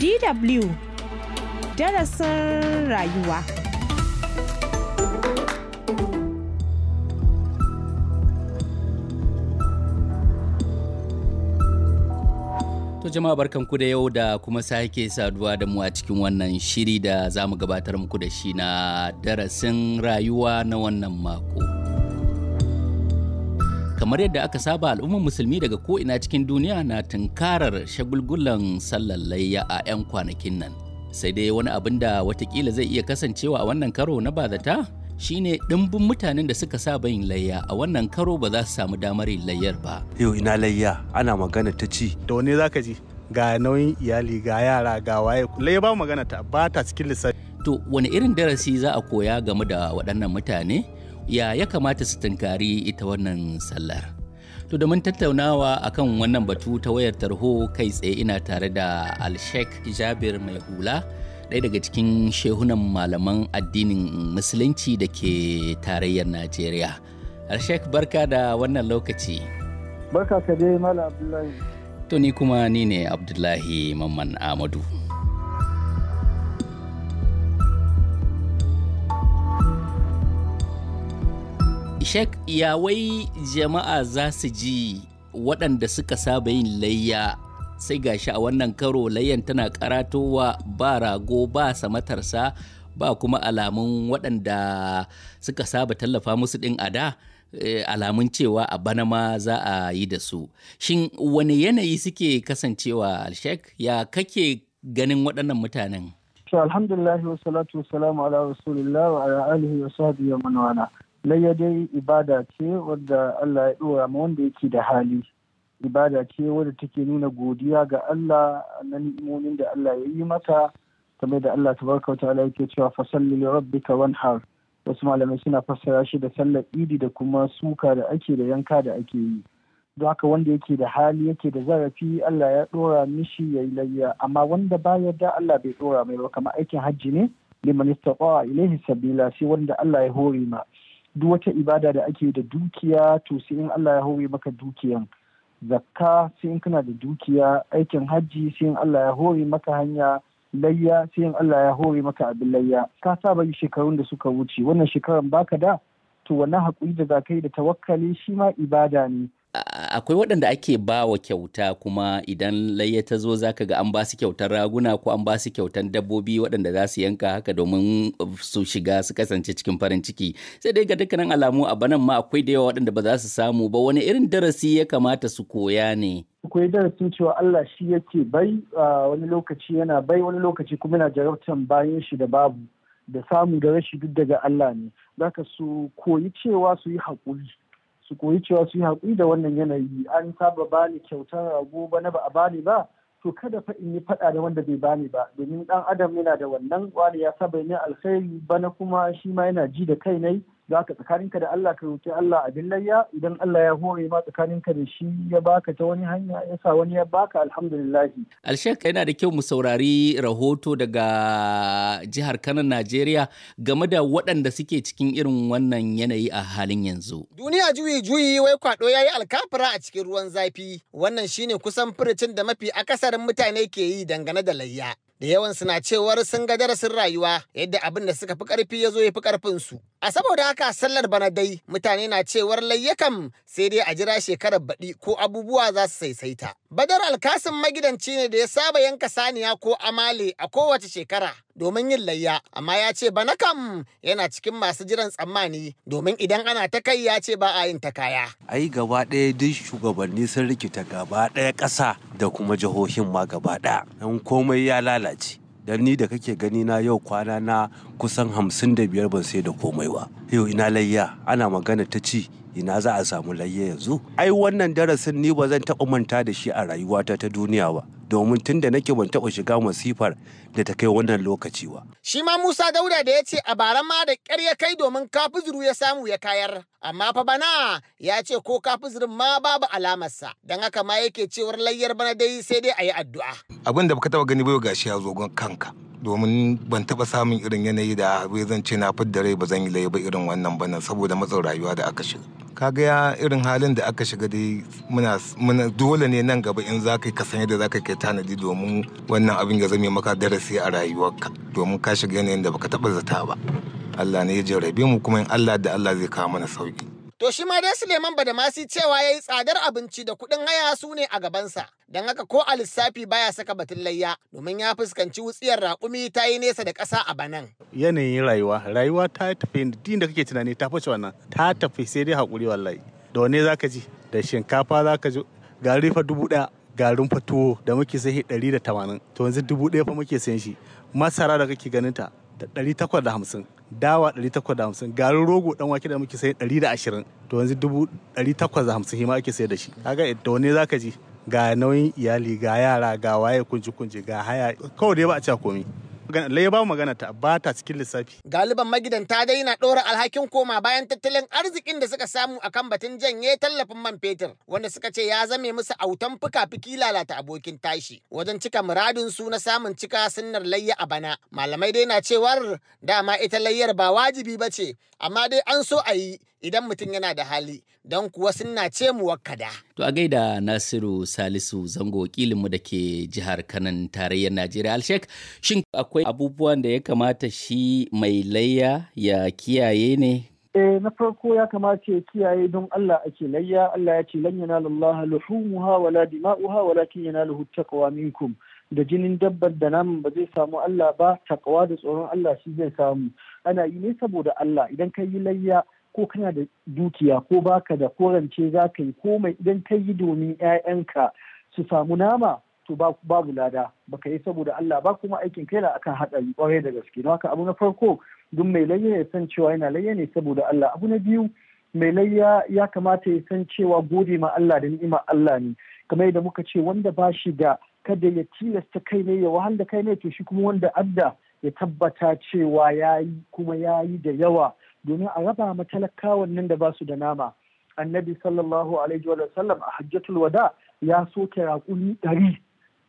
DW darasin rayuwa. To jama'a barkanku da yau da kuma sake saduwa da mu a cikin wannan shiri da za mu gabatar muku da shi na darasin rayuwa na wannan mako. kamar yadda aka saba al'ummar musulmi daga ko'ina cikin duniya na tunkarar shagulgulan sallar layya a 'yan kwanakin nan sai dai wani abin da watakila zai iya kasancewa a wannan karo na bazata shine ɗimbin mutanen da suka saba yin layya a wannan karo ba za su samu damar yin layyar ba yau ina layya ana magana ta ci da wani zaka ji ga nauyin iyali ga yara ga waye layya ba magana ta ba ta cikin lissafi to wani irin darasi za a koya game da waɗannan mutane ya ya kamata su tunkari ita wannan sallar to da mun tattaunawa akan wannan batu ta wayar tarho kai tsaye ina tare da alshek jabir mai hula ɗaya daga cikin shehunan malaman addinin musulunci da ke tarayyar najeriya alshek barka da wannan lokaci barka ka dai mala abdullahi to ni kuma ni ne abdullahi mamman amadu shek wai jama'a za su ji waɗanda suka saba yin layya sai gashi a wannan karo layyan tana karatowa ba rago ba samatarsa ba kuma alamun waɗanda suka saba tallafa musu ɗin a da eh, alamun cewa a bana ma za a yi da su shin wani yanayi suke kasancewa alshek ya kake ganin waɗannan mutanen to alhamdulillah wa salatu wa salamu ala rasulillah wa ala alihi wa sahbihi wa man layya dai ibada ce wadda Allah ya ɗora ma wanda yake da hali ibada ce wadda take nuna godiya ga Allah na ni'imomin da Allah ya yi mata kamar da Allah tabaraka ta'ala yake cewa fasalli li rabbika wanhar wasu malamai suna fassara shi da sallar idi da kuma suka da ake da yanka da ake yi don haka wanda yake da hali yake da zarafi Allah ya ɗora mishi ya yi layya amma wanda ba yarda Allah bai ɗora mai ba kamar aikin hajji ne liman istaqa ilayhi sabila sai wanda Allah ya hore ma duk wata ibada da ake da dukiya to sai in Allah ya hore maka dukiyan zakka sai in kana da dukiya aikin hajji sai in Allah ya hore maka hanya layya sai in Allah ya hore maka abin layya ka saba yi shekarun da suka wuce wannan shekaran baka da to wannan hakuri da zakai da tawakkali shi ma ibada ne akwai waɗanda ake ba wa kyauta kuma idan layya ta zo zaka ga an ba su kyautar raguna ko an ba su kyautar dabbobi waɗanda za su yanka haka domin su shiga su kasance cikin farin ciki sai dai ga dukkanin alamu a banan ma akwai da yawa waɗanda ba za su samu ba wani irin darasi ya kamata su koya ne akwai darasin cewa Allah shi yake bai wani lokaci yana bai wani lokaci kuma yana jarabtan bayan shi da babu da samu da rashi duk daga Allah ne zaka su koyi cewa su yi haƙuri su koyi cewa su yi haƙuri da wannan yanayi an saba bani kyautar rago bana ba a bani ba to kada fa in yi faɗa da wanda bai bani ba domin ɗan adam yana da wannan wani ya saba ne alkhairi bana kuma shi ma yana ji da kai ne za ka tsakaninka da Allah ka roƙi Allah abin layya idan Allah ya hore ma tsakaninka da shi ya baka ta wani hanya ya sa wani ya baka alhamdulillahi. Alshek yana da kyau mu saurari rahoto daga jihar Kano Najeriya game da waɗanda suke cikin irin wannan yanayi a halin yanzu. Duniya juyi juyi wai kwaɗo ya yi alkafura a cikin ruwan zafi wannan shine kusan furucin da mafi akasarin mutane ke yi dangane da layya. da yawan suna cewar sun ga darasin rayuwa yadda abin da suka fi karfi ya zo ya fi karfin su a saboda haka sallar bana dai mutane na cewar layyakan sai dai a jira shekarar baɗi ko abubuwa za su saisaita Badar alkasin magidanci ne da ya saba yanka saniya ko amale a kowace shekara domin yin layya, amma ya ce bana kam yana cikin masu jiran tsammani domin idan ana ta kai ya ce ba a yin ta kaya. Ai gaba ɗaya duk shugabanni sun rikita gaba ɗaya ƙasa da kuma jihohin ma gaba ɗaya. Don komai ya lalace. Dan ni da kake gani na yau kwana na kusan hamsin da biyar ban sai da komai ba. Yau ina layya ana magana ta ci ina za a samu layya yanzu ai wannan darasin ni ba zan taɓa manta da shi a rayuwata ta duniya ba domin tun da nake ban taɓa shiga masifar da ta kai wannan lokaci ba. Shi ma Musa Dauda da ya ce a bara ma da ƙyar ya kai domin kafizuru ya samu ya kayar. Amma fa bana ya ce ko kafuzurin ma babu alamarsa don haka ma yake cewar layyar bana dai sai dai a yi addu'a. Abin da baka taɓa gani bai gashi ya zo kanka. domin ban taba samun irin yanayi da bai zan ce na fidda rai ba zan yi ba irin wannan bana saboda matsin rayuwa da aka shiga kaga ya irin halin da aka shiga dai muna dole ne nan gaba in za ka ka san yadda za ka kai tanadi domin wannan abin ya zame maka darasi a rayuwarka domin ka shiga yanayin da baka taɓa zata ba Allah ne ya jarrabe mu kuma in Allah da Allah zai kawo mana sauki To shi ma dai Suleiman Badamasi cewa ya yi tsadar abinci da kuɗin haya su ne a gabansa. Don haka ko a lissafi baya saka batun layya domin ya fuskanci wutsiyar raƙumi ta yi nesa da ƙasa a banan. Yanayin rayuwa, rayuwa ta tafi din da kake tunani ta fice wannan ta tafi sai dai haƙuri wallahi. Da wane za ka ji? Da shinkafa za ka ji? Gari fa dubu ɗaya. garin fatuwo da muke sai ɗari da tamanin to yanzu dubu ɗaya fa muke sayan shi masara da kake ganin ta da ɗari takwas da hamsin dawa 850 garin rogo dan wake da muke sai 120 to yanzu 850 hima ake sai da shi kaga da eh, za zaka ji ga nauyin iyali ga yara ga waye kunji kunji ga haya kawai dai ba a ci komi magana ba magana ta ba ta cikin lissafi galiban magidanta dai na ɗora alhakin koma bayan tattalin arzikin da suka samu a kan batun janye tallafin man fetur wanda suka ce ya zame musu autan fuka-fiki lalata abokin tashi wajen cika muradin su na samun cika sunnar layya a bana malamai dai na cewar dama ita layyar ba wajibi ba ce amma dai an so a yi idan mutum yana da hali don kuwa sunna ce mu wakada. To a gaida Nasiru Salisu zango wakilinmu da ke jihar Kanan tarayyar Najeriya Alshek shin akwai abubuwan da ya kamata shi mai layya ya kiyaye ne Eh na farko ya kamata ya kiyaye don Allah ake layya Allah ya ce lan yanalallaha luhumuha wala dima'uha walakin yanaluhu taqwa minkum da jinin dabbar da naman ba zai samu Allah ba takawa da tsoron Allah shi zai samu ana yi ne saboda Allah idan ka yi layya ko kana da dukiya ko baka da korance za ka yi komai idan ka yi domin 'ya'yanka su samu nama to babu lada baka yi saboda Allah ba kuma aikin kai na haɗa yi kwarai da gaske don haka abu na farko duk mai layya ya san cewa yana layya ne saboda Allah abu na biyu mai layya ya kamata ya san cewa gode ma Allah da ni'ima Allah ne kamar yadda muka ce wanda ba shi da kada ya tilasta kai ne ya da kai ne to shi kuma wanda adda ya tabbata cewa ya yi kuma ya yi da yawa domin a raba ma talakawan nan da ba su da nama annabi sallallahu alaihi wa sallam a hajjatul wada ya soke raƙumi ɗari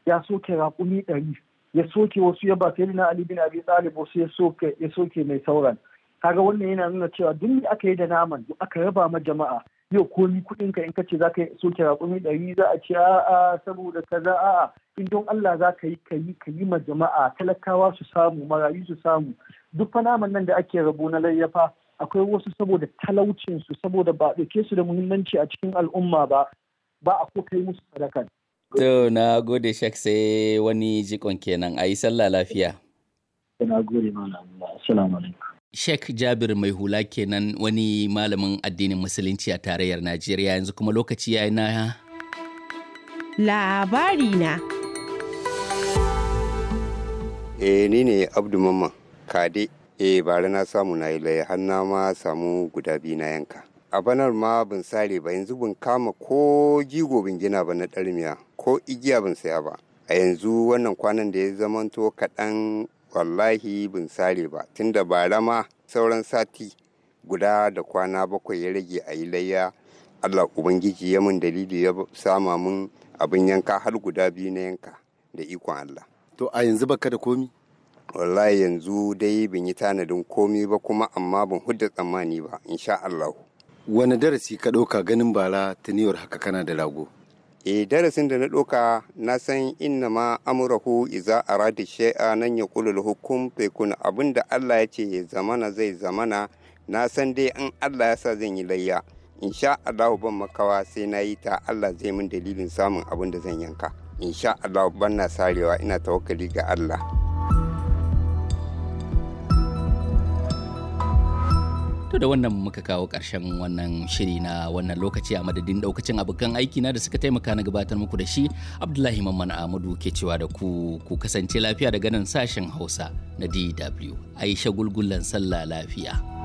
ya soke raƙumi ɗari ya soke wasu ya ba sayyidina ali bin abi talib wasu ya soke ya soke mai sauran kaga wannan yana nuna cewa duk da aka yi da naman aka raba ma jama'a yau komi kuɗin ka in ka ce za soke raƙumi ɗari za a ce a'a saboda kaza a'a in don Allah za ka yi kayi kayi ma jama'a talakawa su samu marayu su samu duk fa naman nan da ake rabu na layyafa akwai wasu saboda su saboda ba dauke su da muhimmanci a cikin al'umma ba ba a ko kai musu sadaka. To na gode shek sai wani jikon kenan a yi sallah lafiya. Na gode malam assalamu alaikum. Sheikh Jabir mai hula kenan wani malamin addinin musulunci a tarayyar Najeriya yanzu kuma lokaci ya na labari na. Eh ni ne Abdu Mamman. kade eh bare na samu na yi laye har na ma samu guda biyu na yanka a banar ma ban sare ba yanzu ban kama ko jigo bin gina ba na ɗarmiya ko igiya ban saya ba a yanzu wannan kwanan da ya zamanto kaɗan wallahi bin sare ba tunda bara ma sauran sati guda da kwana bakwai ya rage a yi layya allah ubangiji ya mun dalili ya sama mun abin yanka har guda biyu na yanka da ikon allah to a yanzu baka da komi wallahi yanzu dai ban yi tanadin komi ba kuma amma ban hudda tsammani ba insha Allah wani darasi ka ɗauka ganin bara tuniyar haka kana da rago e darasin da na ɗauka na san inna ma amurahu iza arada shay'a nan ya kulul hukum fa abin da Allah ya ce zamana zai zamana na san dai in Allah ya sa zan yi layya insha Allah ban makawa sai na yi ta Allah zai min dalilin samun abun da zan yanka insha Allah ban na sarewa ina tawakkali ga Allah To da wannan muka kawo ƙarshen wannan shiri na wannan lokaci a madadin ɗaukacin abokan aiki na da suka taimaka na gabatar muku da shi Abdullahi Mamman Ahmadu ke cewa da ku ku kasance lafiya da ganin sashen Hausa na DW. Aisha gulgullan sallah lafiya.